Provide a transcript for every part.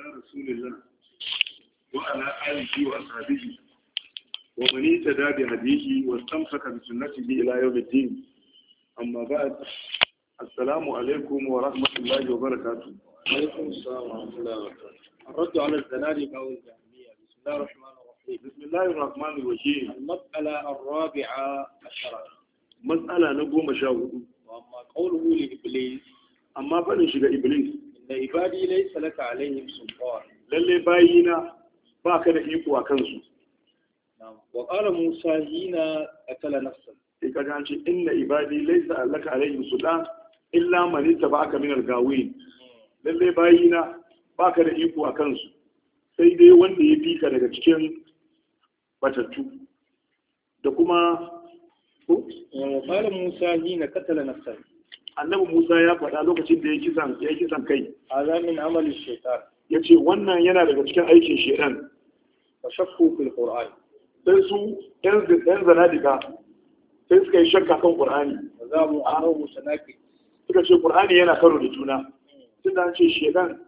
على رسول الله وعلى آله وأصحابه ومن اهتدى بهديه واستمسك بسنته إلى يوم الدين أما بعد السلام عليكم ورحمة الله وبركاته وعليكم السلام ورحمة الله وبركاته الرد على الزنادقة والجهمية بسم الله الرحمن الرحيم بسم الله الرحمن الرحيم المسألة الرابعة عشرة مسألة نقوم شاهد وأما قوله لإبليس أما فلن شجع إبليس da ibadi laysa laka alaihim sultan lalle bayina baka da iko a kansu wa qala musa hina qatala nafsan sai ka ga ce inna ibadi laysa laka alaihim sultan illa man ittaba'aka min algawin hmm. lalle bayina baka da iko a kansu sai dai wanda ya fika daga cikin batattu da kuma قال eh, musa hina قتل نفسه annabi Musa ya faɗa lokacin da ya kisan ya kisan kai azamin amalin shaitan yace wannan yana daga cikin aikin shaitan wa shakku fil qur'an sai su dan dan zanadika sai suka yi shakka kan qur'ani za mu arahu sanaki suka ce qur'ani yana karo da juna hmm. tunda ce shaitan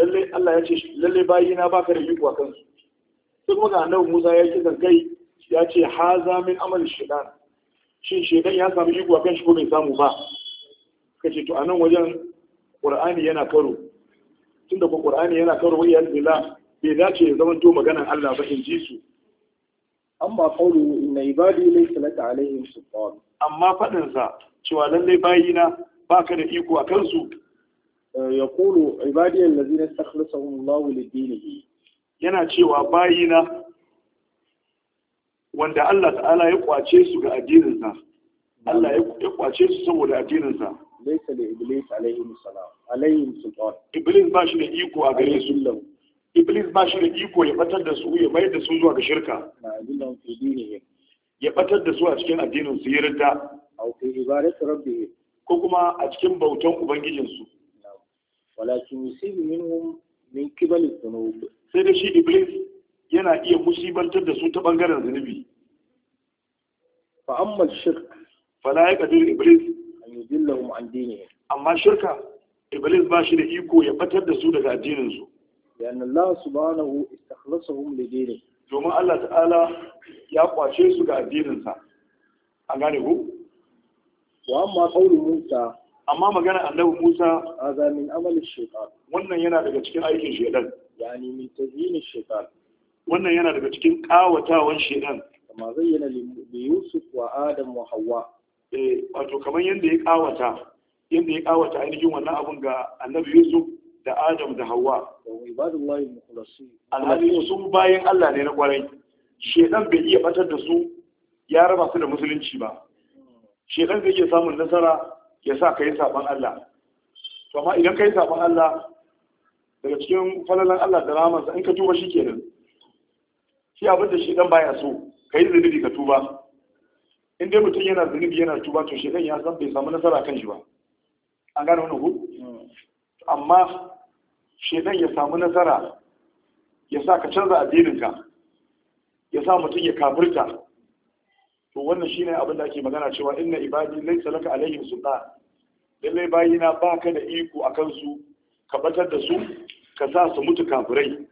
lalle Allah ya ce lalle bayina baka da iko kan kansu sai kuma annabi Musa ya kisan kai ya ce haza min amalin shaitan shin shaitan ya samu iko a kan shi ko bai samu ba kace to anan wajen qur'ani yana karo tunda ko qur'ani yana karo wa iyaz bai dace ya zama to maganar Allah ba in ji su amma qawlu inna ibadi laysa laka alaihim sultan amma fadin sa cewa lalle na baka da iko a kansu eh, yaqulu ibadi allazina istakhlasahum Allah li dinihi yana cewa na wanda Allah ta'ala ya kwace su ga sa Allah ya kwace su saboda addininsa laisa da iblis alaihi salam alaihi sultan iblis ba shi da iko a gare su iblis ba shi da iko ya batar da su ya bayar da su zuwa ga shirka ya batar da su a cikin addinin su yarda au fi ibadati rabbih ko kuma a cikin bautan ubangijin su walakin yusibu minhum min qibali dhunub sai da shi iblis yana iya musibantar da su ta bangaren zunubi fa amma shirk fala yaqdiru iblis yuzillahum an dinihim amma shirka iblis ba shi da iko ya batar da su daga addinin su لأن subhanahu سبحانه li لدينه domin Allah ta'ala ya kwace su ga addininsa an gane ku wa amma qaulu Musa amma magana annabi Musa hadha min amali shaytan wannan yana daga cikin aikin shaytan yani min tazyini shaytan wannan yana daga cikin kawatawan shaytan kama zayyana li Yusuf wa Adam wa Hawwa Eh, wato kamar yadda ya kawata yadda ya kawata ainihin wannan abun ga annabi yusuf da adam da hawa alhali su bayan allah ne na kwarai shedan bai iya batar da su ya raba su da musulunci ba shedan zai iya samun nasara ya sa ka yi saban allah to amma idan ka yi saban allah daga cikin falalan allah da ramansa in ka tuba shi kenan shi abin da shedan baya so ka yi zunubi ka tuba in dai mutum yana zunubi yana tuba to shekan ya san bai samu nasara kan shi ba an gane wani hudu amma shekan ya samu nasara ya sa ka canza addininka ya sa mutum ya kafirta to wannan shine abin da ake magana cewa inna ibadi laysa salaka alaihim bayi lallai bayina ka da iko a kansu, ka batar da su ka sa su mutu kafirai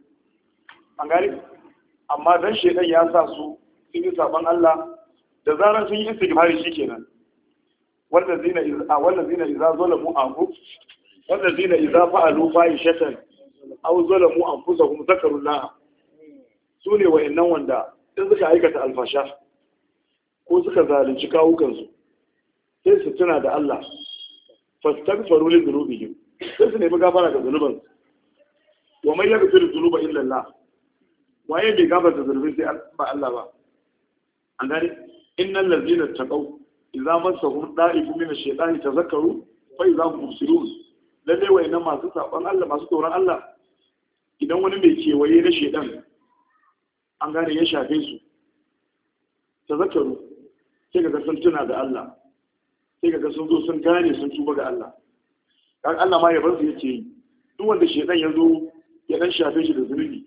an gane amma dan shedan ya sa su in yi saban Allah da zarar sun yi istighfari shikenan wallazina iza wallazina iza zalamu anfu wallazina iza fa'alu fahishatan aw zalamu anfusahum zakarullah sune wayannan wanda in suka aikata alfasha ko suka zalunci kawukansu sai su tuna da Allah fastaghfiru li dhunubihim sai su nemi gafara ga zunubansu wa man yaghfiru dhunuba illa Allah waye bai gafarta zunubin sai ba Allah ba an gane ta innal ladzina taqaw idza masahum da'ifun min ash ta zakaru, fa za mu mubsirun lalle wayna masu saban Allah masu tsoron Allah idan wani mai kewaye na shaytan an gane ya shafe su Ta zakaru, sai kaga sun tuna da Allah sai kaga sun zo sun gane sun tuba ga Allah kan Allah ma ya yaban su yake yi duk wanda shaytan ya zo ya ɗan shafe shi da zunubi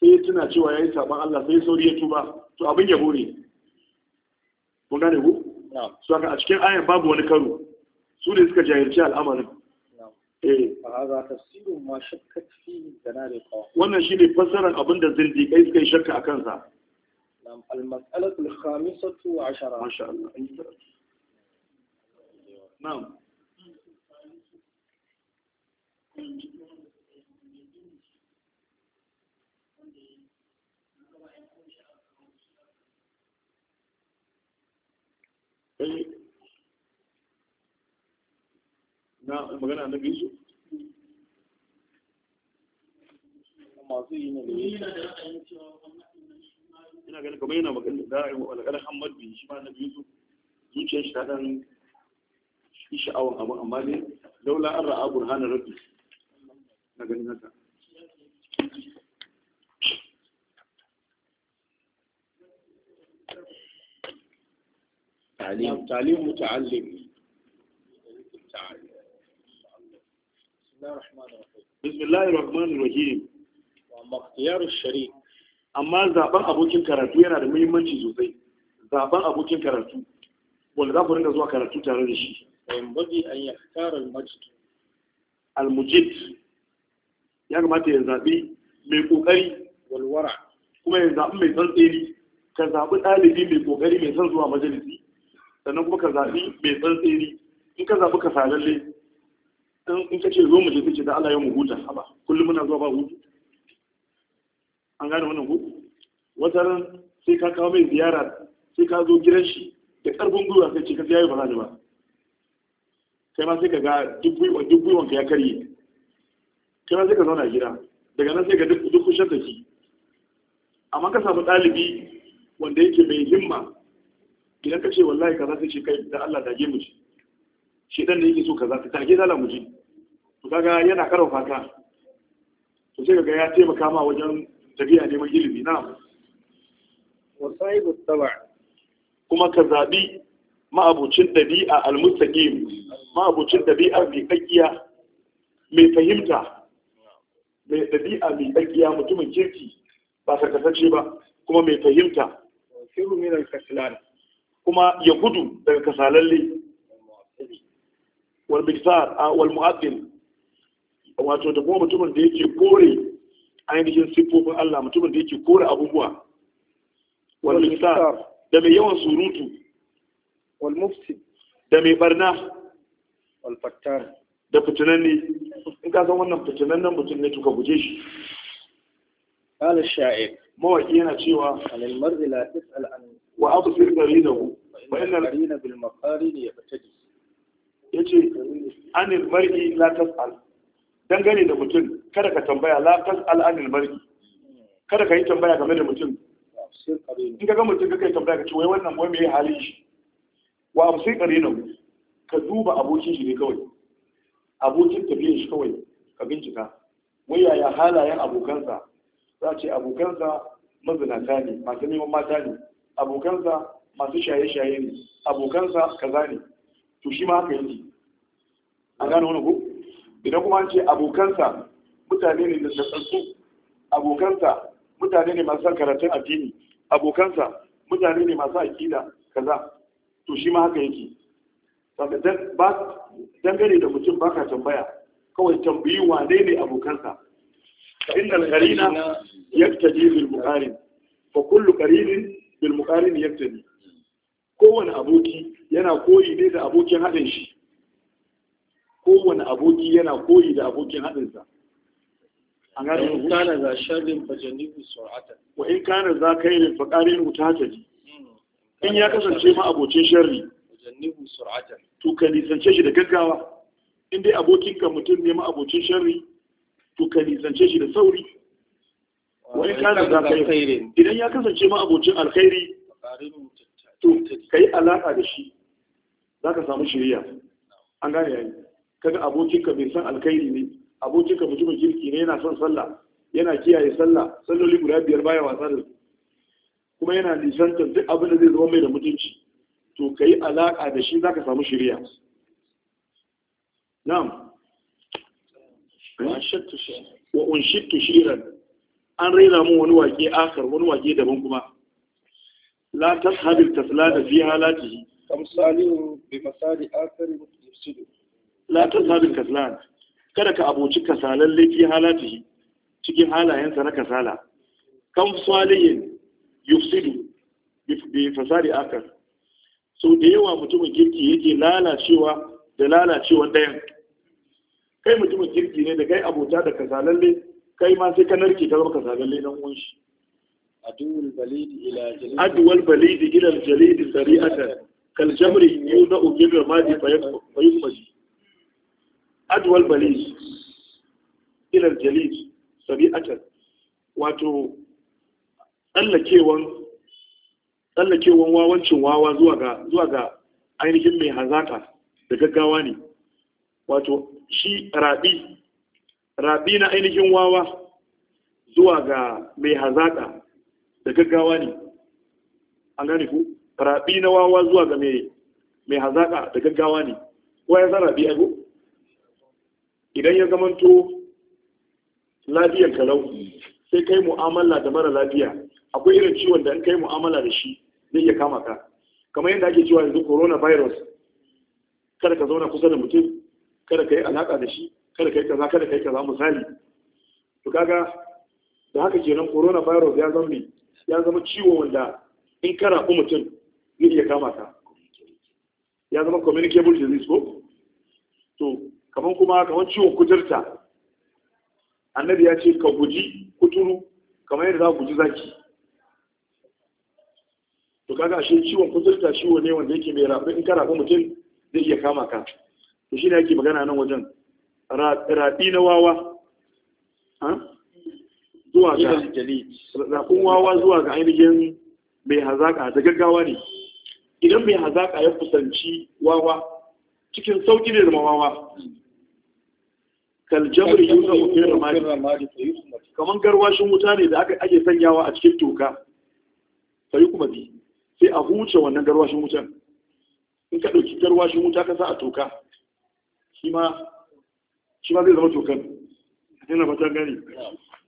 sai ya tuna cewa ya yi saban Allah sai ya sauri ya tuba to abin ya ne kun gane ku su haka a cikin ayan babu wani karo su ne suka jahilci al'amarin eh. wannan shi ne fassarar abin da zindiƙai suka yi shakka a kansa المسألة الخامسة عشرة ما شاء الله na magana annabi Yusuf masu yi na da yi ina ganin kamar yana magana da ra'ayi wa alƙalar Ahmad bin shi ma annabi Yusuf zuciyar shi ta dan shi sha'awan abu amma dai laula an ra'a burhanar rabbi na ganin haka تعليم تعليم متعلم تعليم الله Rahmanir Rahim. Amma اختيار الشريك Amma zaben abokin karatu yana da muhimmanci sosai. Zaben abokin karatu wanda za ku rinka zuwa karatu tare da shi. Bayan bagi an yaktar al-majid. Al-mujid. Ya kamata ya zabi mai kokari walwara kuma ya zabi mai tsantseni ka zabi ɗalibi mai kokari mai son zuwa majalisi sannan kuma ka zabi mai tsantseni in ka zabi ka salalle in ka ce zo mu je kace da Allah ya mu huta haba kullum muna zuwa ba hutu an gane wannan hutu wataran sai ka kawo mai ziyara sai ka zo gidan shi da karfin gwiwa sai ce ka yayi ba za ni ba kai ma sai ka ga duk gwiwan ka ya karye kai ma sai ka zauna gida daga nan sai ka duk kushen da shi amma ka samu ɗalibi wanda yake mai himma idan ka ce wallahi kaza sai ce kai da Allah dage mu ci. shi shedan da yake so kaza ka dage zala mu ji to kaga yana karo fata to sai kaga ya taimaka ma wajen tafiya neman ilimi na wasaibus tsaba kuma ka zabi ma'abucin dabi'a almustaqim ma'abucin dabi'a mai kakkiya mai fahimta mai dabi'a mai kakkiya mutumin kirki ba kasance ba kuma mai fahimta firu min al kasalan kuma ya gudu daga kasalalle wal bisar wal mu'addil wato da kuma mutumin da yake kore ainihin siffofin Allah mutumin da yake kore abubuwa wal misar da mai yawan surutu wal mufsid da mai barna wal fattar da ne. in ka san wannan nan mutum ne to ka guje shi قال الشاعر mawaki yana cewa al mar'i la tas'al an wa absir qarinahu wa inna al qarina bil maqarin yabtadi yace an al mar'i la tas'al dangane da mutum kada ka tambaya la al'adil barki, kada ka yi tambaya game da mutum in ka ga mutum ka kai tambaya ka ce wai wannan wai mai halin shi wa amsai qarinahu ka duba abokin shi ne kawai abokin tafiyar shi kawai ka bincika wai yaya halayen abokansa za a ce abokansa mazinata ne masu neman mata ne abokansa masu shaye-shaye ne abokansa kaza ne to shi ma haka yanzu. a gane wani ko idan kuma an ce abokansa mutane ne da tsantsu abokansa mutane ne masu karatun addini abokansa mutane ne masu aƙida kaza to shi ma haka yake dangane da mutum ba ka tambaya kawai tambayi wane ne abokansa fa innal qarina yaktaji bil muqarin fa kullu qarin bil muqarin yaktaji kowane aboki yana koyi ne da abokin haɗin shi kowane aboki yana koyi da abokin haɗinsa an gane mu kana za sharrin fajanibu sur'atan wa in kana za kai kairin mutata ji hmm. in ya kasance ma abocin sharri fajanibu sur'atan to ka nisance shi da gaggawa in dai abokin ka mutum ne ma abocin sharri to ka nisance shi da sauri wa in kana za ne idan ya kasance ma abocin alkhairi to kai alaka da shi zaka samu shiriya an gane yayi kaga abokinka mai san alkhairi ne abokinka mutumin kirki ne yana son sallah yana kiyaye sallah salloli guda biyar baya wasa da su kuma yana nisantar duk abin da zai zama mai da mutunci to ka yi alaƙa da shi za ka samu shirya na'am wa unshittu shiran an raina mun wani wake akar wani wake daban kuma la tashabil tasla da fi halatihi kamsalin bi masali akari yufsidu la tazhabil kaslan kada ka aboci kasalan laifi halatihi cikin halayensa na kasala kan salihin yufsidu bi fasadi akar so da yawa mutumin kirki yake lalacewa da lalacewan dayan kai mutumin kirki ne da kai abota da kasalalle kai ma sai ka narke ka zama kasalalle dan uwan shi aduwal balidi ila jalid aduwal balidi ila jalid sari'atan kal jamri yudau bi ramadi fa الفرج والبليغ إلى الجليس سريعة wato tsallakewan tsallakewan wawancin wawa zuwa ga ainihin mai hazaka da gaggawa ne wato rabi na ainihin wawa zuwa ga mai hazaka da gaggawa ne an gane ku rabi na wawa zuwa ga mai hazaka da gaggawa ne ko ya san rabi idan ya zamanto lafiyar kalau sai kai mu'amala da mara lafiya akwai irin ciwon da in kai mu'amala da shi zai iya kama ka kamar yadda ake cewa yanzu coronavirus kada ka zauna kusa da mutum kada ka yi alaƙa da shi kada ka yi kaza kada ka yi kaza misali to kaga da haka kenan coronavirus ya zama ya zama ciwo wanda in ka ku mutum zai iya kama ka ya zama communicable disease ko to kamar kuma kamar ciwon kuturta annabi ya ce ka guji kuturu kamar yadda za ku guji zaki to kaga shi ciwon kuturta ciwo ne wanda yake mai rabu in ka rabu mutum zai iya kama ka to shi ne yake magana nan wajen Rabi na wawa zuwa ga wawa zuwa ga ainihin mai hazaka da gaggawa ne idan mai hazaka ya kusanci wawa cikin sauƙi ne da wawa kaljabir yusa ufin ramadi kamar garwashin wuta ne da aka ake sanyawa a cikin toka sai kuma bi sai a huce wannan garwashin wutan in ka ɗauki garwashin wuta ka sa a toka shi ma zai zama tokan yana fata gani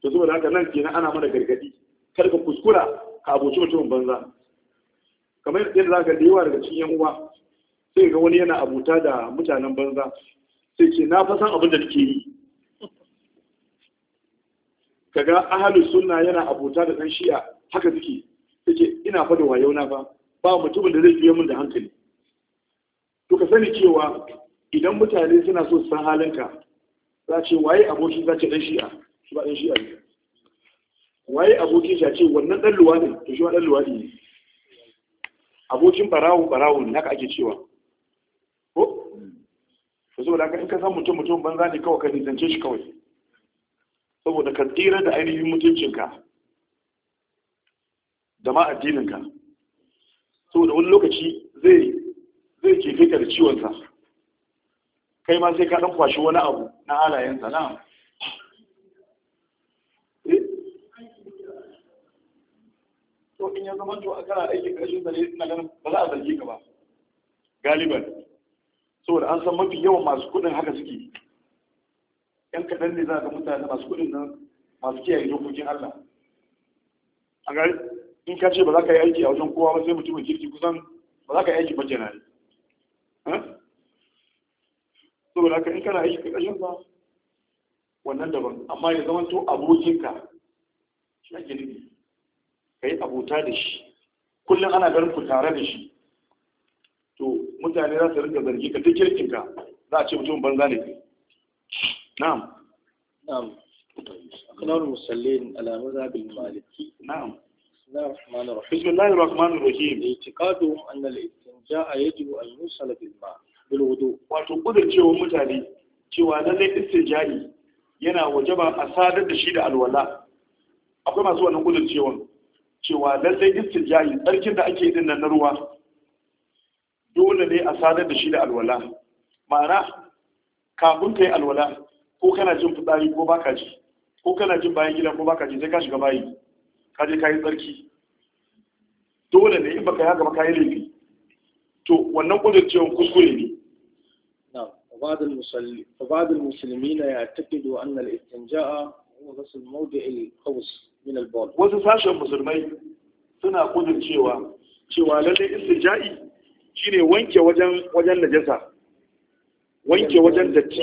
to saboda haka nan kenan ana mana gargadi kar ka kuskura ka abuci mutumin banza kamar yadda za ka da yawa daga cikin yan uwa sai ga wani yana abuta da mutanen banza sai ce na fasan abin da nake yi kaga ahalu sunna yana abota da dan shi'a haka suke suke ina fa da wayo na fa ba mutumin da zai biye min da hankali to ka sani cewa idan mutane suna so su san halinka za ce waye aboki za ce dan shi'a shi ba dan shi'a ne waye aboki ya ce wannan dan luwadi to shi ma dan luwadi ne abokin barawo barawo ne haka ake cewa ko to saboda haka in ka san mutum mutum banza ne kawai ka nisance shi kawai saboda ka tsira da ainihin mutuncinka da ma addininka saboda wani lokaci zai zai kefe ka da ciwonsa kai ma sai ka ɗan kwashi wani abu na halayensa na eh? to in ya zama to a kana aiki ƙarshen zane na ganin ba za a zargi ka ba galiban saboda an san mafi yawan masu kuɗin haka suke yan kaɗan ne za ga mutane masu kuɗin nan masu kiyaye dokokin Allah a gari in ka ce ba za ka yi aiki a wajen kowa ba sai mutumin kirki kusan ba za ka yi aiki ba kenan eh? saboda haka in kana aiki ƙarƙashin ba wannan daban amma ya zama to abokinka shi ake nufi ka yi abota da shi kullum ana ganin ku tare da shi to mutane za su rinka zargi ka duk kirkinka za a ce mutum banza ne na'am na'am أقرار المسلين على مذهب المالكي نعم بسم الله الرحمن الرحيم بسم الله الرحمن الرحيم اعتقادهم أن الاستنجاء يجب أن يوصل بالماء بالوضوء وتقول cewa mutane cewa lallai istinja'i yana wajaba a sadar da shi da alwala akwai masu wannan gudun cewa cewa lallai istinja'i tsarkin da ake yi na ruwa dole ne a sadar da shi da alwala ma'ana kafin ka yi alwala ko kana jin fitsari ko baka ji ko kana jin bayan gida ko baka ji sai ka shiga bayi ka je ka yi tsarki dole ne in baka yi haka ba ka laifi to wannan kudurcewan kuskure ne فبعض المسلمين فبعض المسلمين يعتقد ان الاستنجاء هو غسل موضع القوس من البول wasu sashen musulmai suna kudurcewa cewa lalle istinja'i shine wanke wajen wajen najasa wanke wajen datti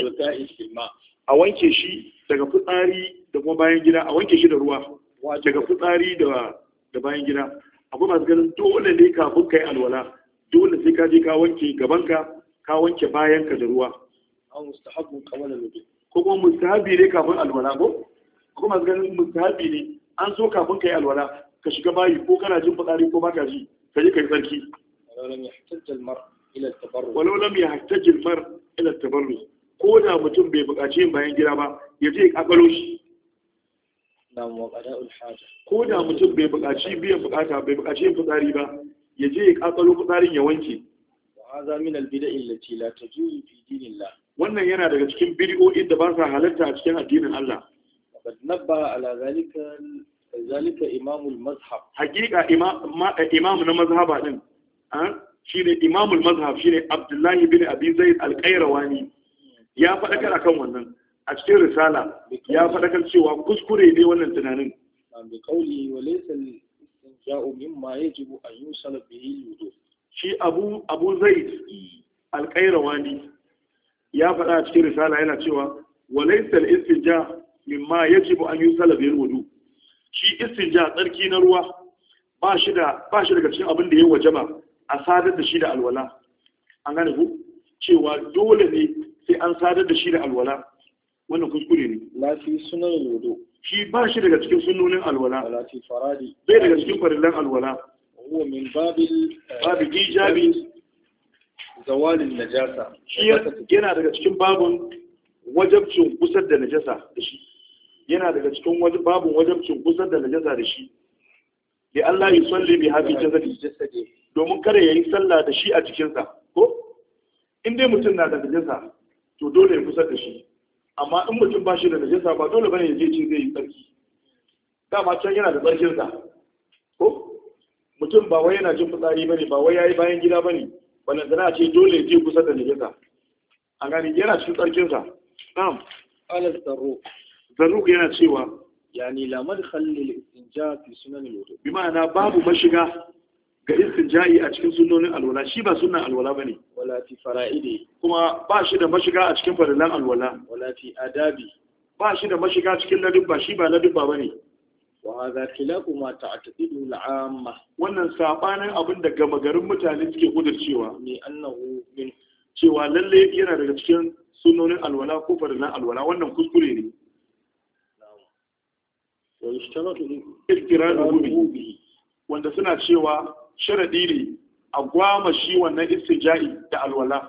a wanke shi daga fitsari da kuma bayan gida a wanke shi da ruwa daga fitsari da bayan gida akwai masu ganin dole ne kafin ka yi alwala dole sai ka je ka wanke gabanka ka wanke bayanka da ruwa ko kuma mustahabi ne kafin alwala ko kuma masu ganin mustahabi ne an so kafin ka yi alwala ka shiga bayi ko kana jin fitsari ko baka ji ka je ka yi tsarki ila tabarru walau lam yahtajil mar ila mutum bai buƙaci yin bayan gida ba ya je kakalo shi nam mutum bai buƙaci biyan buƙata bai buƙaci yin fitsari ba ya je ya kakalo fitsarin ya wanke wa hadha min al bida'i allati la tajuzu fi dinillah wannan yana daga cikin bid'o'in da ba sa halatta a cikin addinin Allah qad nabba ala imamul mazhab haqiqa imam na mazhaba din an ah, ne imamul mazhab ne? abdullahi bin abi zaid al ya ya faɗakar kan wannan a cikin risala ya faɗakar cewa kuskure ne wannan tunanin wudu shi abu zai zaid al ya faɗa a cikin risala yana cewa wa laysa al-istinja mimma yajibu an yusal bihi wudu shi istinja tsarki na ruwa ba shi daga cikin abin da ya ba. a sadar da shi da alwala an gane ku cewa dole ne sai an sadar da shi da alwala wannan kuskure ne lafi sunan wudu shi ba shi daga cikin sunonin alwala lafi faradi bai daga cikin farillan alwala huwa min babil eh, babil ijabi zawalin najasa shi yana daga cikin babun wajabcin kusar da najasa da shi yana daga cikin babun wajabcin kusar da najasa da shi li Allah yusalli bi hafi jasadi domin kada ya yi sallah da shi a jikinsa ko in dai mutum na da najasa to dole ya kusa da shi amma in mutum ba shi da najasa ba dole bane ya je ce zai yi tsarki dama can yana da tsarkinsa ko mutum ba wai yana jin fitsari bane ba wai yayi bayan gida bane wannan zana ce dole ya je kusa da najasa A gani yana cikin tsarkinsa na'am ala zarruq zarruq yana cewa yani la madkhal lil istinja fi sunan al-wudu bi babu mashiga ga istinja'i a cikin sunnonin alwala shi ba sunnan alwala bane wala fi fara'idi kuma ba shi da mashiga a cikin farilan alwala wala fi adabi ba shi da mashiga cikin ladubba shi ba ladubba bane wa hadha khilafu ma ta'taqidu al'amma wannan sabanin abin da gama garin mutane suke gudurcewa ne annahu min cewa lalle yana daga cikin sunnonin alwala ko farilan alwala wannan kuskure ne wa yashtaratu iktiranu bihi wanda suna cewa sharadi ne a gwama shi wannan istija'i da alwala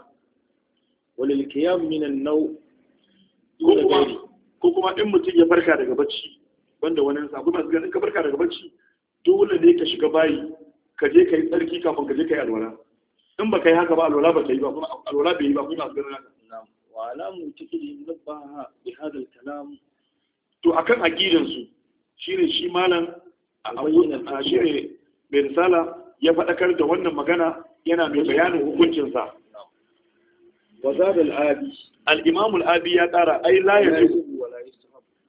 walil qiyam min an nau? ko kuma in mutum ya farka daga bacci wanda wani sabu masu ganin ka farka daga bacci dole ne ka shiga bayi ka je ka yi tsarki kafin ka je ka yi alwala in ba ka yi haka ba alwala ba ta yi ba kuma alwala bai yi ba kuma masu ganin haka wa alamu tikiri nabba bi hadal kalam to akan aqidan su shine shi malam a bayyana shine bai risala ya faɗakar da wannan magana yana mai bayanin hukuncinsa wa zadal abi al-imam abi ya ƙara ai la ya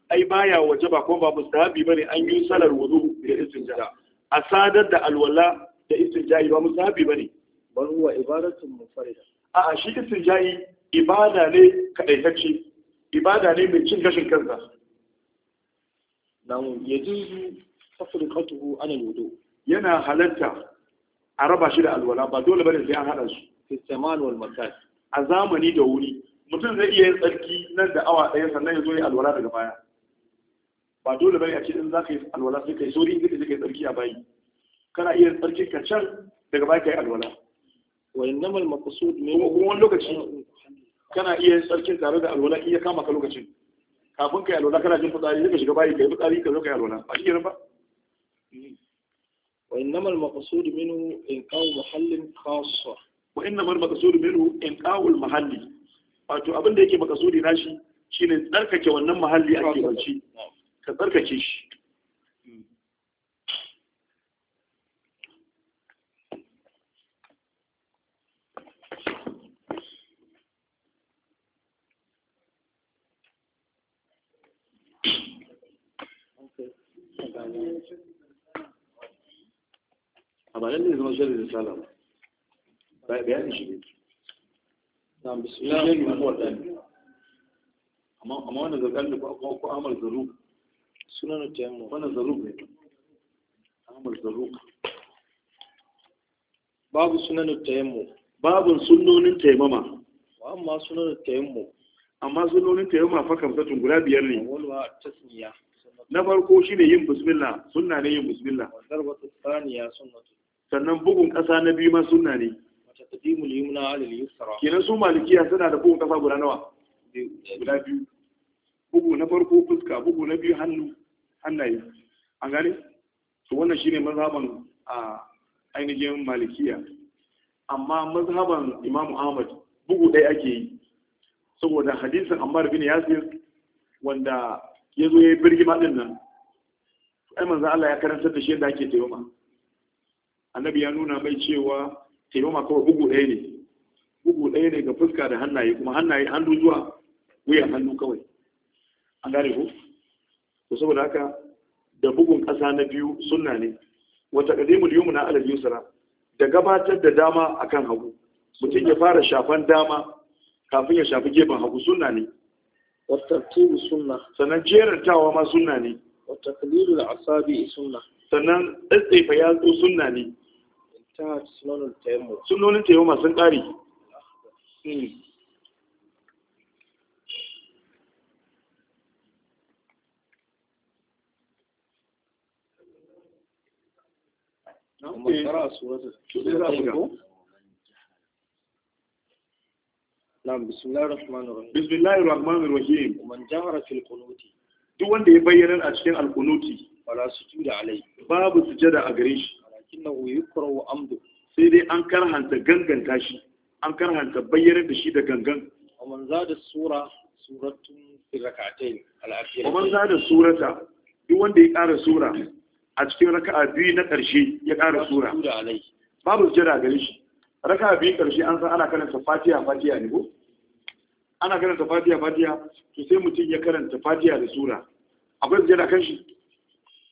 ai baya waje ba kuma ba ba ne, an yi salar wudu da ja. a sadar da alwala da ja'i ba mustahabi ba ne. huwa ibadatun munfarida a'a shi ja'i ibada ne kaɗaitacce, ibada ne mai cin gashin kansa Namun, yajuzu tafriqatuhu an ana wudu yana halatta a raba shi da alwala ba dole bane sai an hada su istimal wal makas a zamani da wuri mutum zai iya yin tsarki nan da awa ɗaya sannan ya zo ya alwala daga baya ba dole bane a ce in zaka yi alwala sai kai sori inda kake yi tsarki a bayi kana iya yin tsarki ka can daga baya kai alwala wa al maqsud min kuma wani lokaci ah, kana iya yin tsarkin tare da alwala in ya kama ka lokacin kafin kai alwala kana jin fitsari sai ka shiga bayi kai fitsari ka zo kai alwala ba shi ba hmm. وإنما المقصود منه إنقاء محل خاصة وإنما المقصود منه إنقاء المحل wato abin da yake makasudi shi shine tsarkake wannan muhalli ake barci ka tsarkake shi Thank you. ba lalle zama sharri da sala ba shi amma wani ko sunan ne babu sunan tayammum babun amma sunan tayammum amma sunnonin guda biyar ne na farko shi ne yin bismillah sunna ne yin bismillah sannan bugun ƙasa na biyu ma sunna ne kenan su malikiya suna da bugun ƙasa guda nawa guda biyu bugu na farko fuska bugu na biyu hannu hannaye an gane su wannan shine mazhaban a ainihin malikiya amma mazhaban imam ahmad bugu ɗaya ake yi saboda hadisin ammar bin yasir wanda ya zo ya yi birgima ɗin nan ai manzo Allah ya karantar da shi yadda ake taimaka annabi ya nuna mai cewa taimama kawai bugu ɗaya ne bugu ɗaya ne ga fuska da hannaye kuma hannaye hannu zuwa wuyan hannu kawai an gane ku to saboda haka da bugun ƙasa na biyu sunna ne wata kadimul na ala yusra da gabatar da dama akan hagu mutum ya fara shafan dama kafin ya shafi gefen hagu sunna ne wattartibu sunna sannan jerantawa ma sunna ne wattaklilul asabi sunna sannan tsaifa yatsu sunna ne ta sunanin tayammum sunanin tayammum sun ƙari hmm. Na'am bismillahir rahmanir rahim. Bismillahir rahmanir rahim. Man jahara fil qunuti. Duk wanda ya bayyana a cikin al-qunuti fala sujuda alai. Babu sujada a gare innahu yukrahu amdu sai dai an karhanta ganganta shi an karhanta bayyana da shi da gangan wa man zada sura suratun fi rak'atayn al-akhirah wa man zada surata duk wanda ya ƙara sura a cikin raka'a biyu na ƙarshe ya ƙara sura babu jira gare shi raka'a biyu ƙarshe an san ana karanta fatiha fatiha ne ko ana karanta fatiha fatiha to sai mutum ya karanta fatiha da sura akwai jira kan shi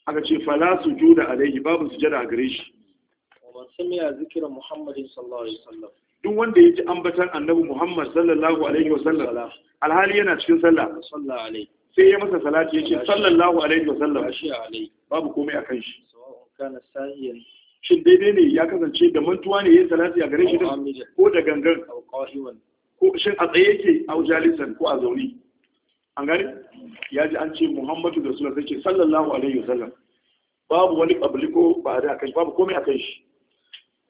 aka ce fala su da alaihi babu sujada a gare shi duk wanda ya ji ambatar annabi Muhammad sallallahu alaihi wasallam alhali yana cikin sallah sai ya masa salati ya ce sallallahu alaihi wasallam babu komai a kan shi shin daidai ne ya kasance da mantuwa ne ya salati a gare shi ko da gangan ko shin a tsaye yake a jalisan ko a zaune an gari ya ji an ce muhammadu da suna zai ce sallallahu alaihi wasallam babu wani kabli ba da kai babu komai akan shi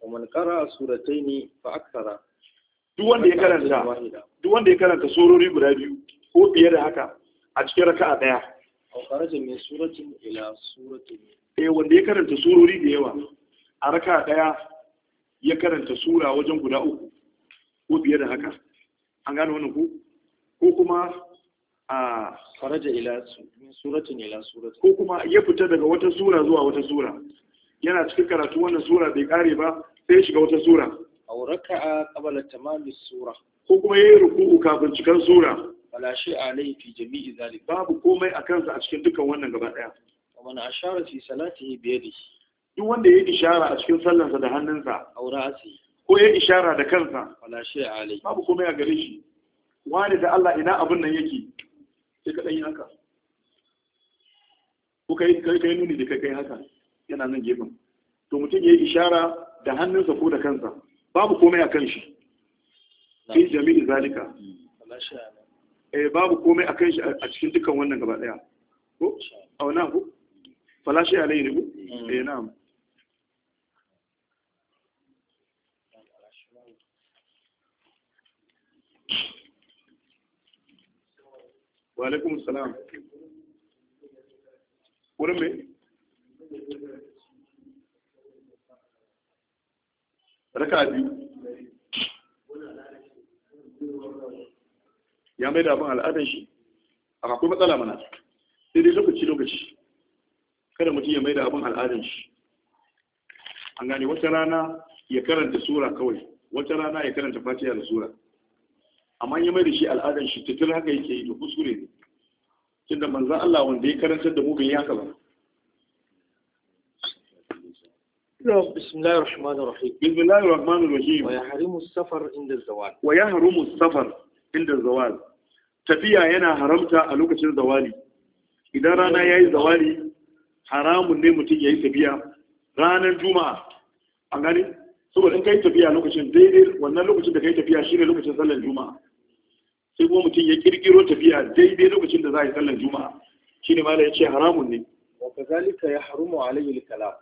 wa man qara surataini fa akthara duk wanda ya karanta duk wanda ya karanta surori guda biyu ko fiye da haka a cikin raka'a daya aw kharaja min suratin ila suratin eh wanda ya karanta surori da yawa a raka'a daya ya karanta sura wajen guda uku ko fiye da haka an gane wannan ku ko kuma a faraja ila suratin ila surat ko kuma ya fita daga wata sura zuwa wata sura yana cikin karatu wannan sura bai kare ba sai ya shiga wata sura aw raka'a qabla tamamis sura ko kuma yayi ruku'u kafin cikan sura wala shi alai fi jami'i zalik babu komai akan sa a cikin dukan wannan gaba daya kuma na ashara fi salatihi bi yadi duk wanda yayi ishara a cikin sa da hannunsa aw ra'si ko yayi ishara da kansa wala shi alai babu komai a gare shi wani da Allah ina abun nan yake sai ka yi haka ko kai kai kai nuni da kai kai haka yana nan gefen to mutum ya yi ishara da hannunsa ko da kansa babu komai a kan shi fi jami'i zalika eh babu komai a kan shi a cikin dukkan wannan gaba daya ko a wannan ko falashi alayhi ne ko mm. eh na'am wa alaikum salam wurin me raka biyu ya mai da abin al'adar shi a akwai matsala mana sai dai lokaci lokaci kada mutum ya mai da abin shi an gane wata rana ya karanta sura kawai wata rana ya karanta fatiha da sura amma ya mai da shi al'adar shi titir haka yake yi da kuskure ne tunda manzan Allah wanda ya karanta da mu bai haka ba بسم الله الرحمن الرحيم بسم الله الرحمن الرحيم ويحرم السفر عند الزوال ويحرم tafiya yana haramta a lokacin zawali idan rana ya yi zawali haramun ne mutum ya yi tafiya ranar juma'a a gani saboda in ka yi tafiya lokacin daidai wannan lokacin da ka yi tafiya shi ne lokacin sallar juma'a sai kuma mutum ya kirkiro tafiya daidai lokacin da za a yi sallar juma'a ne malai ya ce haramun ne wa kazalika ya harumu alayhi al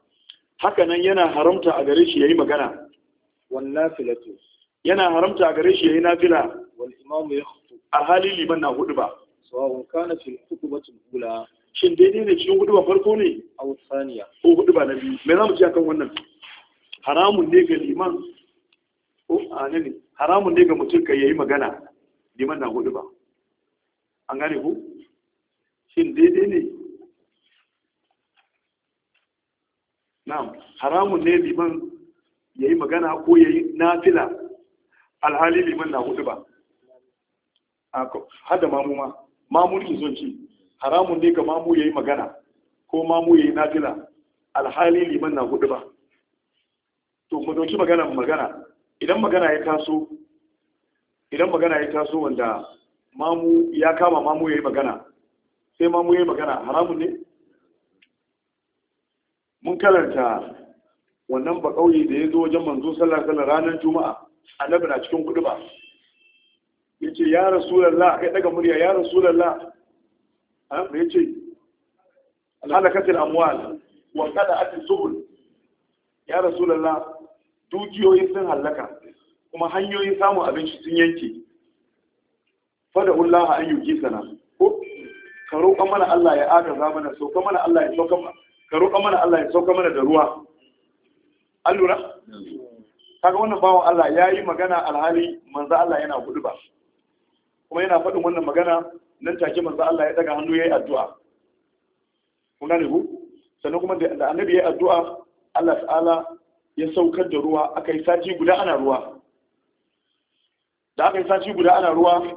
haka nan yana haramta a gare shi yayi magana wal nafilatu yana haramta a gare shi yayi nafila wal imamu yakhutub a halin liman na hudu ba sawa'un kana fil khutbatil ula shin daidai ne cikin hudu ba farko ne a saniya. ko hudu ba na biyu me za mu ci akan wannan haramun ne ga liman ko a ne haramun ne ga mutum ka yayi magana liman na hudu ba an gane ku shin daidai ne na'am haramun ne liman ya yi magana ko ya yi nafila alhali liman na hudu ba hada mamu ma mamun izonci haramun ne ga mamu ya yi magana ko mamu ya yi nafila alhali liman na hudu ba to mu dauki magana magana idan magana ya taso idan magana ya taso wanda mamu ya kama mamu ya yi magana sai mamu ya yi magana haramun ne mun kalanta wannan ba da ya zo wajen manzo sallar sallah ranar juma'a a na cikin kudu ba ya ce ya rasulallah kai daga murya ya rasulallah an ya ce alhalakatar amuwal wa kada atin subul ya rasulallah dukiyoyin sun halaka kuma hanyoyin samun abinci sun yanke fada ullaha an yi sana ko ka roƙon mana Allah ya agaza mana sauka mana Allah ya sauka mana ka roƙon mana Allah ya sauka mana da ruwa an lura kaga wannan bawan Allah ya yi magana alhali manza Allah yana gudu ba kuma yana faɗin wannan magana nan take manza Allah ya daga hannu ya yi addu'a Kuna ne ku sannan kuma da annabi yi addu'a Allah ta'ala ya saukar da ruwa akai sati guda ana ruwa da aka yi sashi guda ana ruwa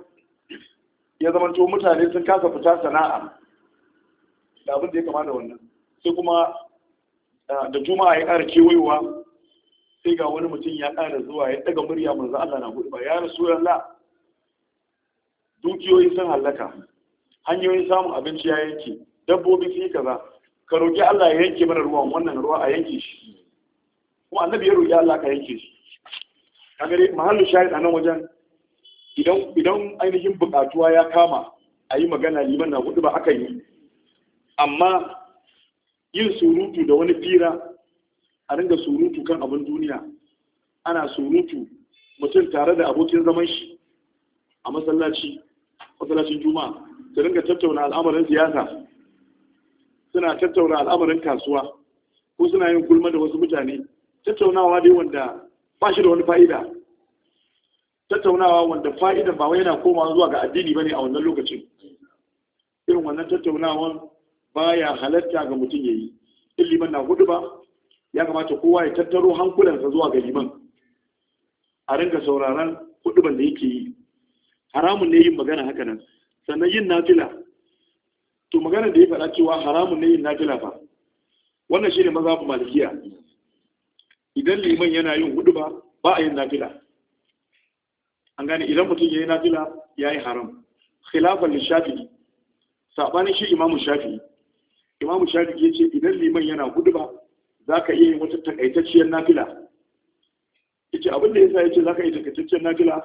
ya zamanto mutane sun kasa fita sana'a da abin da ya kama da wannan sai kuma da juma'a ya ƙara kewayewa. sai ga wani mutum ya ƙara zuwa ya ɗaga murya manzo Allah na hudu ba ya rasu la, dukiyoyi sun hallaka hanyoyin samun abinci ya yanke dabbobi sun yi kaza ka roƙi Allah ya yanke mana ruwan wannan ruwa a yanke shi kuma annabi ya roƙi Allah ka yanke shi a gare mahallin shahid a nan wajen idan ainihin bukatuwa ya kama a yi magana liman na hudu ba aka yi amma yin surutu da wani fira a ringa surutu kan abin duniya ana surutu mutum tare da abokin zaman shi a masallaci masallacin juma'a ta ringa tattauna al'amarin siyasa suna tattauna al'amarin kasuwa ko suna yin gulma da wasu mutane tattaunawa dai wanda ba shi da wani fa'ida tattaunawa wanda fa'idan ba wai yana komawa zuwa ga addini bane a wannan lokacin irin wannan tattaunawan ya halatta ga mutum ya yi. in liman na hudu ba ya kamata kowa ya tattaro hankulansa zuwa ga liman a ringa sauraron ban da yake yi haramun ne yin magana haka nan sannan yin nafila to magana da ya faɗa cewa haramun ne yin nafila fa wannan shine mazhabin malikiya idan liman yana yin hudu ba ba a yin nafila an gane idan mutum ya yi nafila ya yi haram khilafan lishafi saɓanin shi imamu shafi imamu shafi ya ce idan liman yana ba za ka iya yin wata takaitacciyar nafila ya ce abinda ya sa ya ce za ka iya takaitacciyar nafila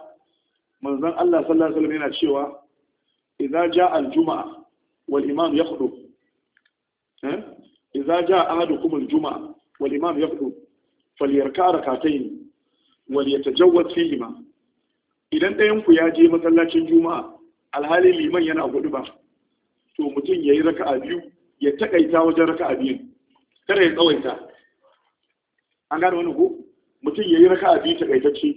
manzan allah sallallahu alaihi wasallam yana cewa idan ja al wal imam ya hudu eh? idan ja ahadukum al wal imam ya hudu falyarka idan ɗayan ku ya je masallacin juma'a alhali liman yana gudu ba to mutum ya yi raka a biyu ya taƙaita wajen raka a biyu kada ya tsawaita an gane wani ko mutum ya yi raka a biyu taƙaitacce,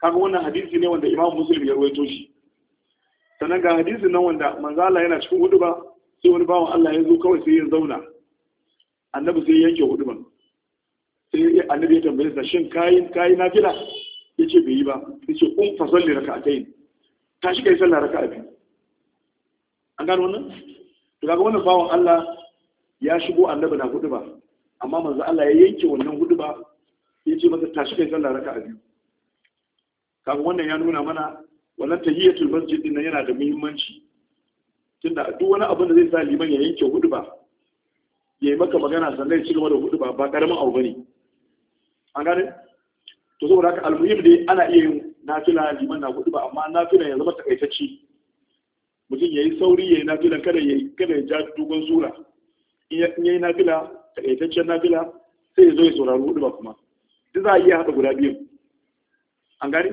kaga wannan hadisi ne wanda imam muslim ya ruwaito shi sannan ga hadisi nan wanda manzo Allah yana cikin hudu ba sai wani bawan Allah ya zo kawai sai ya zauna annabi sai ya yanke hudu ba sai annabi ya tambaye sa shin kayi kayi nafila ya ce bai yi ba ya ce kun fasalli raka a ta shi kai sallah raka a an gano wannan to kaga wannan bawon Allah ya shigo annabi na hudu ba amma manzo Allah ya yanke wannan hudu ba ya ce masa ta shi kai sallah raka a biyu kaga wannan ya nuna mana wannan tahiyatul masjid din yana da muhimmanci tunda duk wani abu da zai sa liman ya yanke hudu ba ya yi maka magana sannan ya ci gaba da hudu ba ba karamin abu bane an gane to saboda haka almuhim dai ana iya yin nafila liman na hudu ba amma nafila ya zama takaitacce mutum ya yi sauri ya yi nafila kada ya kada ya ja dogon sura in ya nafila takaitaccen nafila sai ya zo ya saurari hudu ba kuma duk za a iya haɗa guda biyu an gani?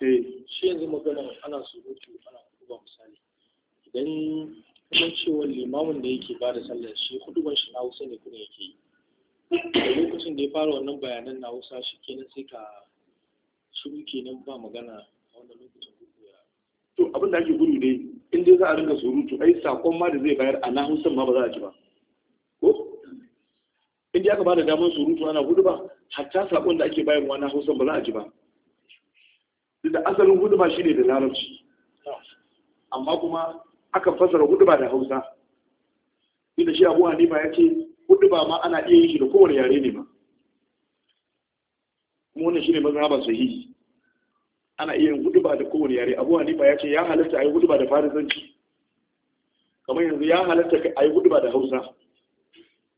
eh shi yanzu magana ana surutu ana hudu ba misali idan kuma cewa limamin da yake ba da sallar shi hudu ban shi na wasu ne kuma yake yi lokacin da ya fara wannan bayanan na hausa shi kenan sai ka shiru kenan ba magana a wannan lokacin to abin da ake gudu dai in dai za a rinka surutu ai sakon ma da zai bayar a na hausan ma ba za a ji ba ko in dai aka ba da damar surutu ana gudu ba hatta sakon da ake bayarwa na hausan ba za a ji ba duk da asalin gudu ba shi ne da larabci amma kuma akan fasara gudu ba da hausa inda shi abu ba ya ce hudu ba ma ana iya yin shi da kowane yare ne ba kuma wannan shi ne mazhaban sahihi ana iya yin hudu ba da kowane yare abu hanifa ya ce ya halatta a yi hudu ba da farisanci kamar yanzu ya halatta a yi hudu ba da hausa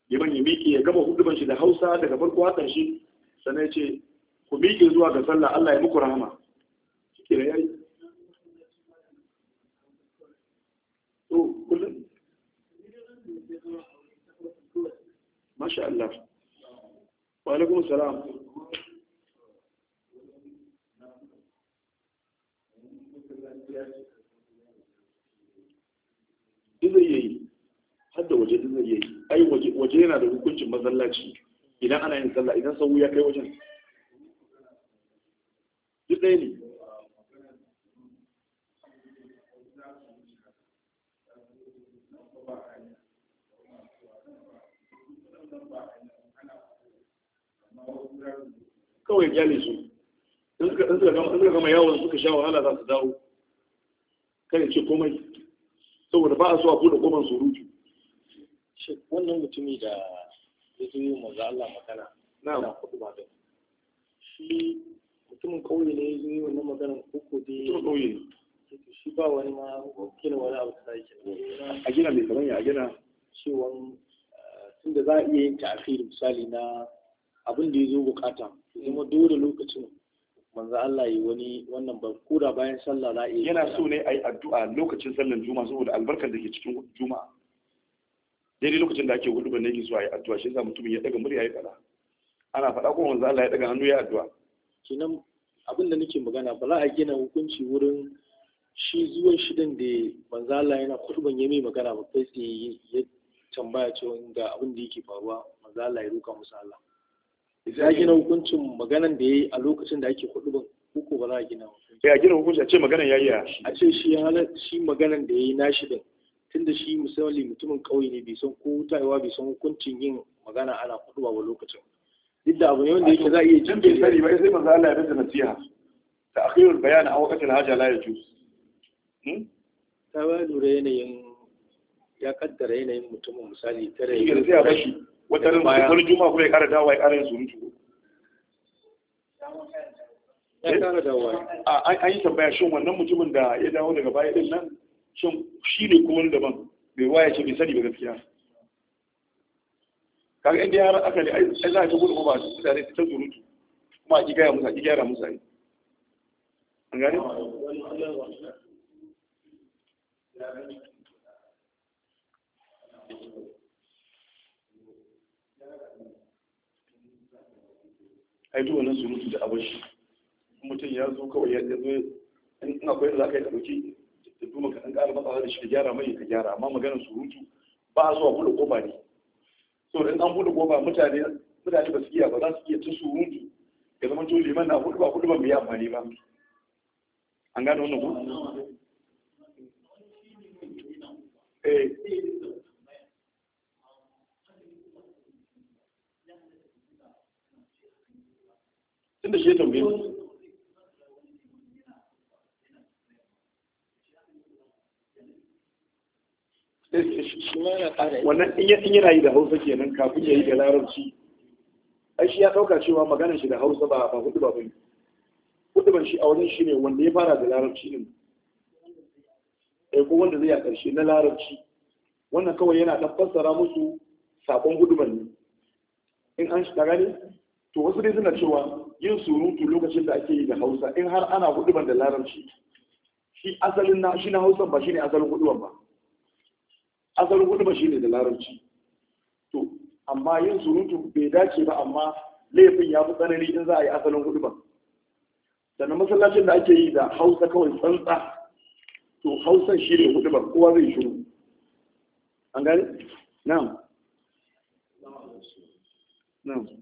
ya manya miƙe ya gama hudu shi da hausa daga farko hakan shi sannan ya ce ku miƙe zuwa ga sallah allah ya muku rahama shi ke da masha Allah wa alaikum salam zai yi, har da waje zai yayi ai waje yana da hukuncin masallaci idan ana yin tsalla idan sauwu ya kai wajen duk ɗaya ne kawai gyale su in suka gama yawon suka sha wahala za su dawo kan ce komai saboda ba a so a buɗe koman surutu wannan mutumi da ya zo yi maza Allah magana na na kudu ba da shi mutumin kauye ne ya zo yi wannan maganar koko da mutumin kauye ne shi ba wani ma kila wani abu ta yake a gina mai tsaron ya a gina cewa eh, da za a iya yin ta'afiri misali na abin da ya zo bukata kuma dole lokacin manzo Allah yi wani wannan ba Kura bayan sallah la yi yana so ne ai addu'a lokacin sallar juma'a saboda albarkar da ke cikin juma'a daidai lokacin da ake hudu ban yake zuwa yi addu'a shi yasa mutumin ya daga murya ya fada ana fada ko manzo Allah ya daga hannu ya addu'a kinan abin da nake magana ba za a gina hukunci wurin shi zuwan din da manzo Allah yana kurban ya magana ba sai ya tambaya cewa ga abin da yake faruwa manzo Allah ya roka musu Allah ya gina hukuncin maganan da ya yi a lokacin da ake kudu ban ko ba za a gina hukunci ya gina hukunci a ce maganan ya yi a a ce shi shi maganan da ya yi nashi din tunda shi misali mutumin kauye ne bai san ko hutawa bai san hukuncin yin magana ana kudu ba lokacin duk da abu ne wanda yake za a iya jin bai sani ba sai manzo Allah ya bada nasiha ta akhirul bayan a waqtil haja la yajuz hmm? ta ba lura yanayin ya kaddara yanayin mutumin misali tare ya bashi wani juma kuma ya kara dawa ya kara yin surutu eh? an yi tambaya shin wannan mutumin da ya dawo daga baya din nan shin shi ne kuma daban bai waya ce bai sani ba gaskiya kaga inda yara aka ne ai za a ta gudu ba su tare ta surutu kuma a kigaya musa a kigaya musa yi an gane? ai duk wannan surutu da abashi mutum ya zo kawai ya zo in akwai za ka yi ɗauki da duma ka ɗan ƙara matsawa da shi ka gyara mai ka gyara amma maganar surutu ba a zuwa buɗe ƙofa ne so in an buɗe ƙofa mutane mutane ba su iya ba za su iya ta surutu ya zama to liman na hudu ba hudu ba mai amfani ba an gane wannan ko eh tunda shi ya tambaye wannan in yana yi da hausa kenan kafin ya yi da larabci ai shi ya ɗauka cewa maganar shi da hausa ba ba hudu ba bane hudu shi a wani shi ne wanda ya fara da larabci ne. eh ko wanda zai a ƙarshe na larabci wannan kawai yana ɗan fassara musu sakon hudu ne in an shi ta gani to wasu dai suna cewa yin surutu lokacin da ake yi da hausa in har ana huduban da larabci shi asalin na shi na hausa ba shine asalin huduban ba asalin huduban shine da larabci to amma yin surutu bai dace ba amma laifin ya fi tsanani in za a yi asalin huduban sannan masallacin da ake yi da hausa kawai tsantsa to hausan shi ne huduban kowa zai shiru an gani na'am na'am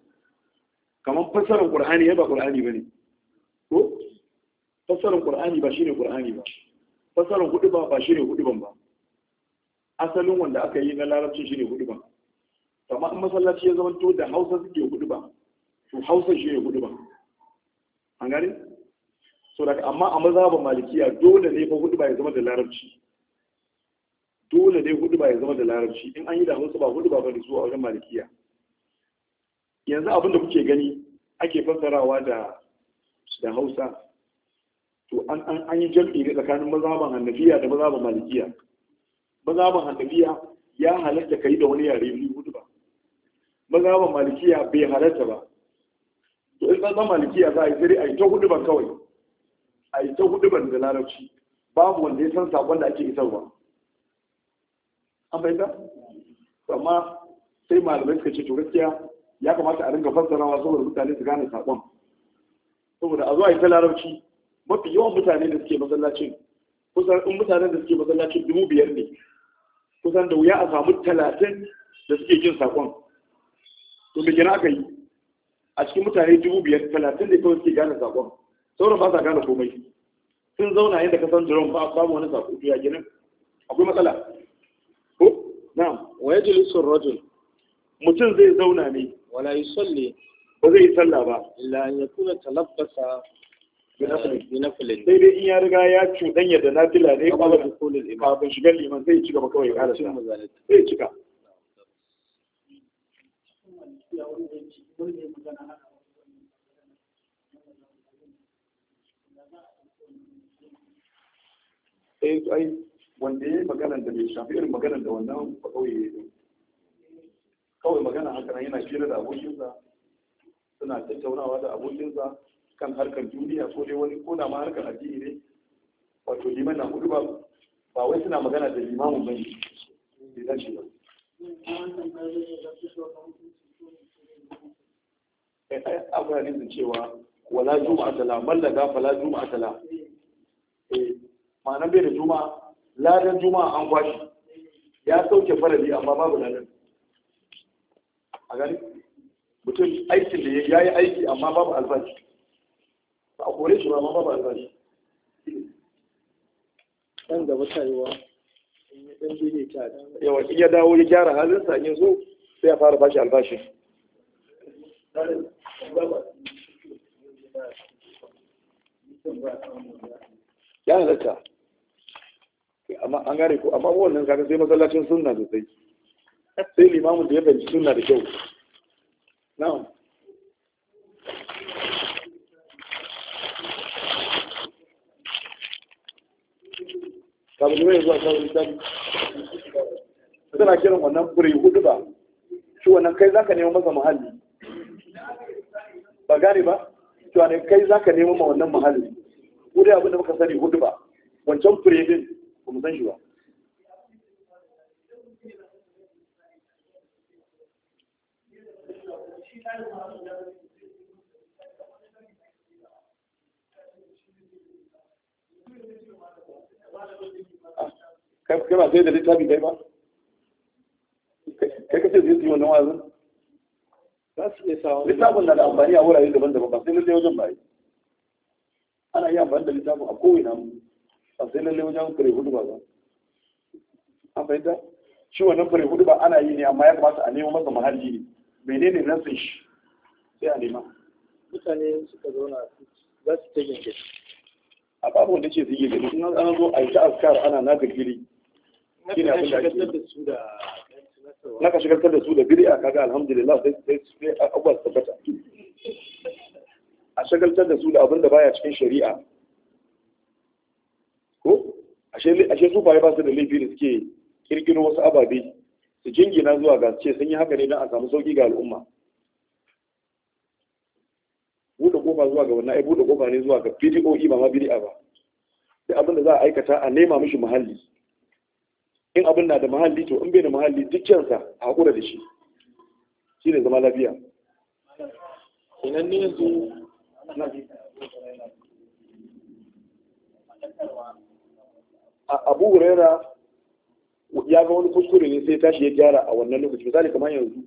kamar fassarar qur'ani ya ba qur'ani ne? ko fassarar qur'ani ba shine qur'ani ba fassarar hudu ba ba shine hudu ban ba asalin wanda aka yi na larabci shine hudu ban amma in masallaci ya zama to da hausa suke hudu ba to hausa shine hudu ba an gani? so daga amma a mazhabin malikiya dole ne fa hudu ba ya zama da larabci dole ne hudu ba ya zama da larabci in an yi da hausa ba hudu ba bane su a wajen malikiya yanzu abinda kuke gani ake fassarawa da da hausa to an an an yi jam'i ne tsakanin mazhaban hanafiya da mazhaban malikiya mazhaban hanafiya ya halatta kai da wani yare biyu hudu ba mazhaban malikiya bai halatta ba to in mazhaban malikiya za a yi sai a yi ta hudu ban kawai a yi ta hudu ban da larabci babu wanda ya san sakon da ake isarwa an bai amma sai malamai suka ce to gaskiya ya kamata a ringa fassarawa saboda mutane su gane sakon saboda a zuwa ita larabci mafi yawan mutane da suke masallacin kusan in mutanen da suke masallacin dubu biyar ne kusan da wuya a samu talatin da suke jin sakon to me kina aka yi a cikin mutane dubu biyar talatin da kawai suke gane sakon sauran ba sa gane komai sun zauna yadda ka san Ba babu wani sako to ya gina akwai matsala ko na'am wa yajlisu ar-rajul mutum zai zauna ne wala yi ne. ba zai yi sallah ba illa an yakuna talabbasa binafilin sai dai in ya riga ya cuɗanya da nafila ne kuma kafin shigar zai cika ba kawai ya karasa zai cika eh ai wanda ya yi maganar da bai shafi irin maganar da wannan ba kawai ya yi kawai magana haka nan yana jira da abokinsa suna tattaunawa da abokinsa kan harkar duniya ko dai wani ko na ma harkar addini ne wato liman na hudu ba ba wai suna magana da limamin bane bai dace ba abu yana da cewa wala juma'a tala mallaka fala juma'a tala eh, ma'anar bai da juma'a ladan juma'a an kwashi ya sauke farali amma babu ladan a gani mutum aikin da ya yi aiki amma babu albashi ba a kore shi ba amma babu albashi ɗan gaba tarewa ɗan ta yawa in ya dawo ya gyara sa, in zo sai ya fara bashi albashi ya halatta amma an gane ko amma wannan kaga sai masallacin sunna sosai sai limamin da ya fahimci suna da kyau na'am kabu ne mai zuwa sabon littafi suna kiran wannan fure hudu ba shi wannan kai zaka nemo masa muhalli ba gane ba shi ne kai zaka nemo ma wannan muhalli ko dai abin da muka sani hudu ba wancan fure din ba mu san shi ba kai ba sai da littafi kai ba kai kace zai yi wannan wazin za su iya sawa littafin na da amfani a wurare daban-daban ba sai lalle wajen yi. ana yi amfani da littafin a kowane mu ba sai lalle wajen fure hudu ba ba an fahimta shi wannan fure hudu ba ana yi ne amma ya kamata a nemo masa mahalli ne menene nasin shi sai a nema mutane suka zauna za su ta gingi a babu wanda ce su yi gari in an zo a yi ta askar ana na gagiri da na ka shigar da su da a kaga alhamdulillah sai sai a abubuwa su tabbata a shagaltar da su da abin da baya cikin shari'a ko ashe ashe su ba su da laifi da suke kirkiro wasu ababe su jingina zuwa ga ce sun yi haka ne don a samu sauki ga al'umma buɗe ƙofa zuwa ga wannan ai buɗe ƙofa ne zuwa ga bidi'o'i ba ma bidi'a ba Sai abin da za a aikata a nema mishi muhalli in abin na da muhalli to in bai da muhalli kyansa a haƙura da shi shi ne zama lafiya ne abu hurera ya ga wani kuskure ne sai tashi ya gyara a wannan lokaci misali kamar yanzu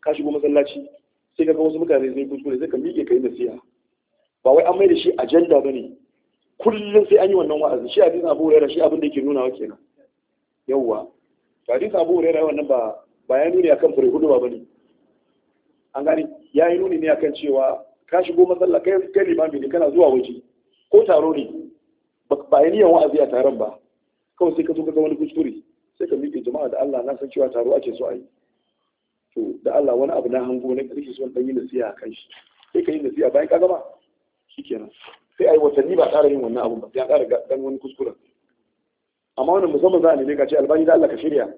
ka shigo masallaci sai ka ga wasu mutane sun kuskure sai ka miƙe kai nasiha ba wai an mai da shi ajanda ba ne kullum sai an yi wannan wa'azi shi hadisin abu hurairah shi abin da yake nuna wa kenan yawwa hadisin abu hurairah wannan ba ba ya nuni akan fure hudu ba ne an gani ya yi nuni ne akan cewa ka shigo matsala kai kai limami ne kana zuwa waje ko taro ne ba ya niyan wa'azi a taron ba kawai sai ka zo ka ga wani kuskure sai ka miƙe jama'a da Allah na san cewa taro ake so a yi to da Allah wani abu na hango na ƙarshe son ɗan yi nasiya a kan shi sai ka yi nasiya bayan ka gama shi kenan. sai a yi watanni ba ƙara yin wannan abun ba sai a ƙara ɗan wani kuskuren amma wannan musamman za a nemi ka ce albani da Allah ka shirya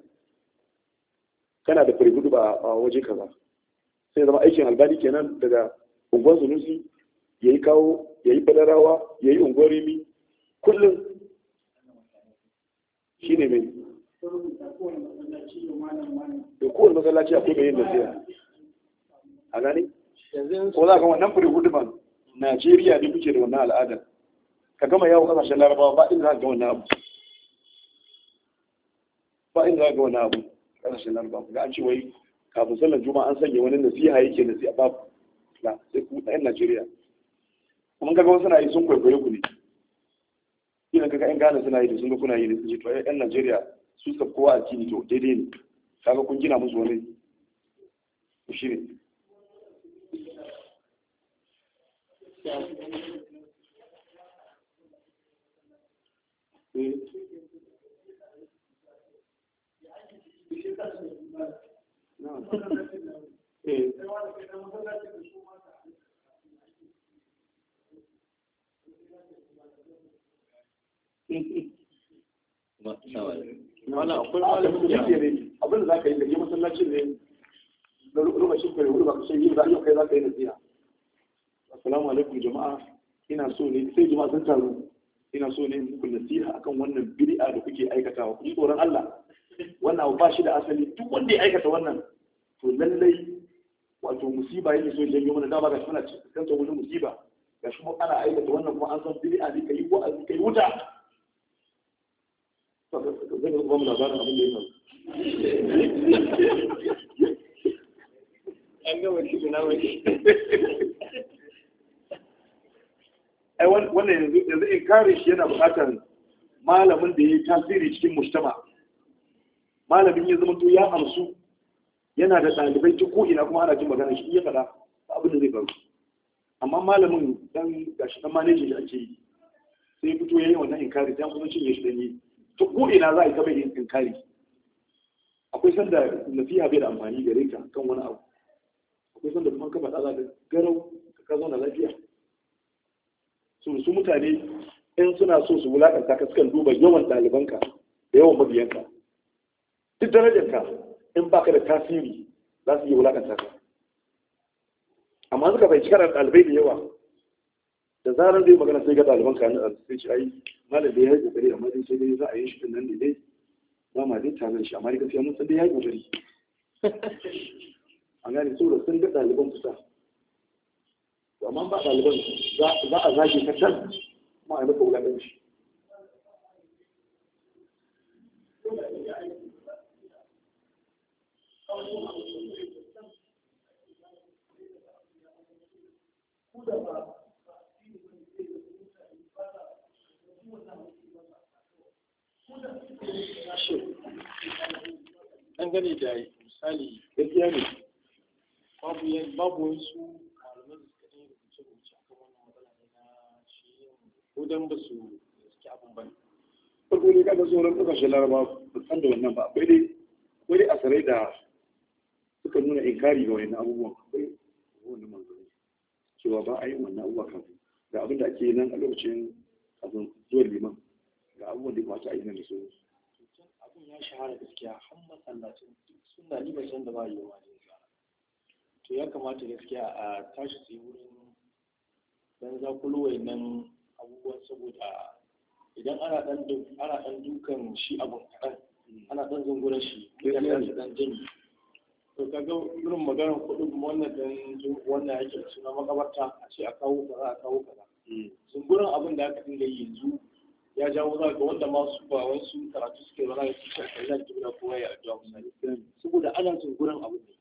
kana da firgudu ba a waje ka ba sai zama aikin albani kenan daga unguwar zunusi ya yi kawo ya yi balarawa ya yi unguwar rimi kullum shi ne mai da kowane masallaci akwai bayin yin siya a gani ko za ka wannan fure huduman najeriya ne kuke da wannan al'adar ka gama yawon kasashen larabawa ba inda za ka ga wannan abu ba inda za ka ga wannan abu kasashen larabawa ga an ce wai kafin sallar juma'a an sanya wani nasiha yake nasiha babu na sai ku ɗayan najeriya kuma ga wasu na yi sun kwaikwayo ku ne ina kaga yan gane suna yi da sun ga kuna yi da su ce to yan najeriya su ka kowa a cini to daidai ne kaga kun gina musu wani shi ne eh. wannan akwai da ne abin da zaka yi da ke masallacin ne da lokacin kare wuri ba ka ce yi da yau kai zaka yi nasiha assalamu alaikum jama'a ina so ne sai jama'a sun taru ina so ne ku nasiha akan wannan bid'a da kuke aikatawa ku tsoron Allah wannan ba shi da asali duk wanda ya aikata wannan to lallai wato musiba yake so janyo mana dama ga suna cikin ta wani musiba ga shi ana aikata wannan kuma an san bid'a ne kai wa'azi kai wuta zai ga kuma labarin abin da ya faru an gama shi na wani ai wannan yanzu yanzu in kare shi yana buƙatar malamin da ya yi tasiri cikin mustama. malamin ya zama to ya amsu yana da ɗalibai ta ko'ina kuma ana jin magana shi ya faɗa abin da zai faru amma malamin dan gashi dan manajin da ake yi sai fito ya yi wannan inkari dan kuma cinye shi dan yi to ko ina za a yi ta mai yin inkari akwai sanda nasiha bai da amfani gare ka kan wani abu akwai sanda kuma kama tsada da garau ka zauna lafiya su su mutane in suna so su wulakanta ka sukan duba yawan ɗalibanka da yawan mabiyanka duk darajarka in baka da tasiri za su iya wulakanta ka amma suka fahimci cikarar ɗalibai da yawa da zarar zai magana sai ga ɗalibanka ne sai ci malam dai ya yi kokari amma dai sai dai za a yi shi nan da dai ba ma dai tare da shi amma dai gaskiya mun san dai ya yi kokari a gane saboda sun ga ɗaliban kusa amma ba ɗaliban za a zage ka can kuma a yi maka wulaƙanci misali da misali gaskiya ne babu yan babu wasu malamai da suka yi rubuce a akan wannan matsala ne na shi ko dan ba su suke abin ba farko ne kaga sauran kasashen laraba ba san da wannan ba akwai dai akwai dai asarai da suka nuna inkari ga wani abubuwan akwai wannan manzanni cewa ba a yin wannan abubuwa kafin da abin da ake nan a lokacin san da ba yi wa ne to ya kamata gaskiya a tashi su yi wurin dan luwai nan abubuwan saboda idan ana dan dukan shi a kaɗan mm. ana dan zungurar shi yana da dan jini to kaga irin maganar kuɗin wannan dan wannan yake suna makabarta a ce a kawo kaza a kawo kaza mm. zunguran abin da aka dinga yi yanzu ya jawo za ga wanda masu ba wasu karatu suke ba za ga cikin kallon jimla kuma ya addu'a misali saboda ana zunguran abu ne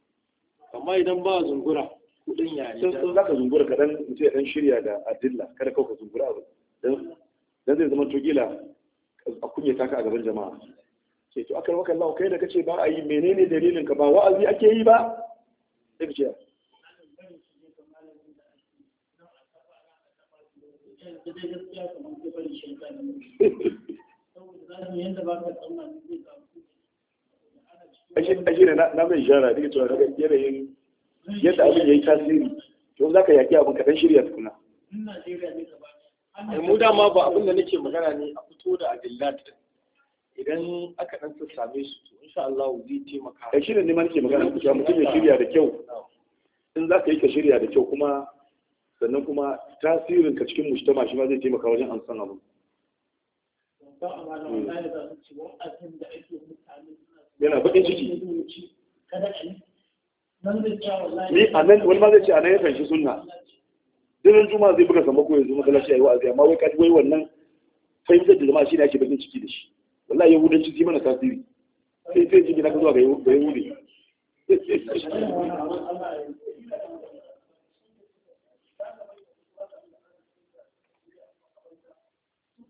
amma idan ba zungura kudin ya ne sun za ka zungura kaɗan dan mutum ya dan shirya da adilla kada kawai ka zungura abu dan zai zama togila a kunyata ka a gaban jama'a ce to akan wakan lau kai da kace ba a yi menene dalilin ka ba wa'azi ake yi ba sai ka ce ashe ne na mai shara da cewa daga yanayin yadda abin ya yi tasiri to za ka yaƙi abin kaɗan shirya tukuna. mu dama ba abin da nake magana ne a fito da adillat idan aka ɗan su sassame su to insha Allah zai taimaka. Da shi ne ma nake magana cewa mutum ya shirya da kyau in za ka yi ka shirya da kyau kuma sannan kuma tasirin ka cikin mujtama shi ma zai taimaka wajen an san abu yana bakin ciki ni a nan wani ma zai ce a nan ya kanshi sunna dinan juma zai buga sama ko yanzu a yi wa'azi amma wai kaji wai wannan fahimtar da zama shi ne ake bakin ciki da shi wallahi yahudanci zai mana tasiri sai sai na ka zuwa ga yahudi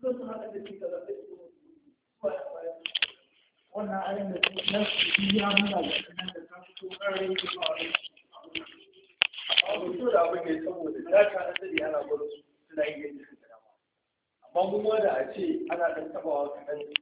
sun haɗa da shi kaza da shi wannan da ya da da ta fito ƙarin su a da abu saboda ta ta na ana gwada su suna yin yadda dama amma kuma da a ce ana ɗan tabawa kanan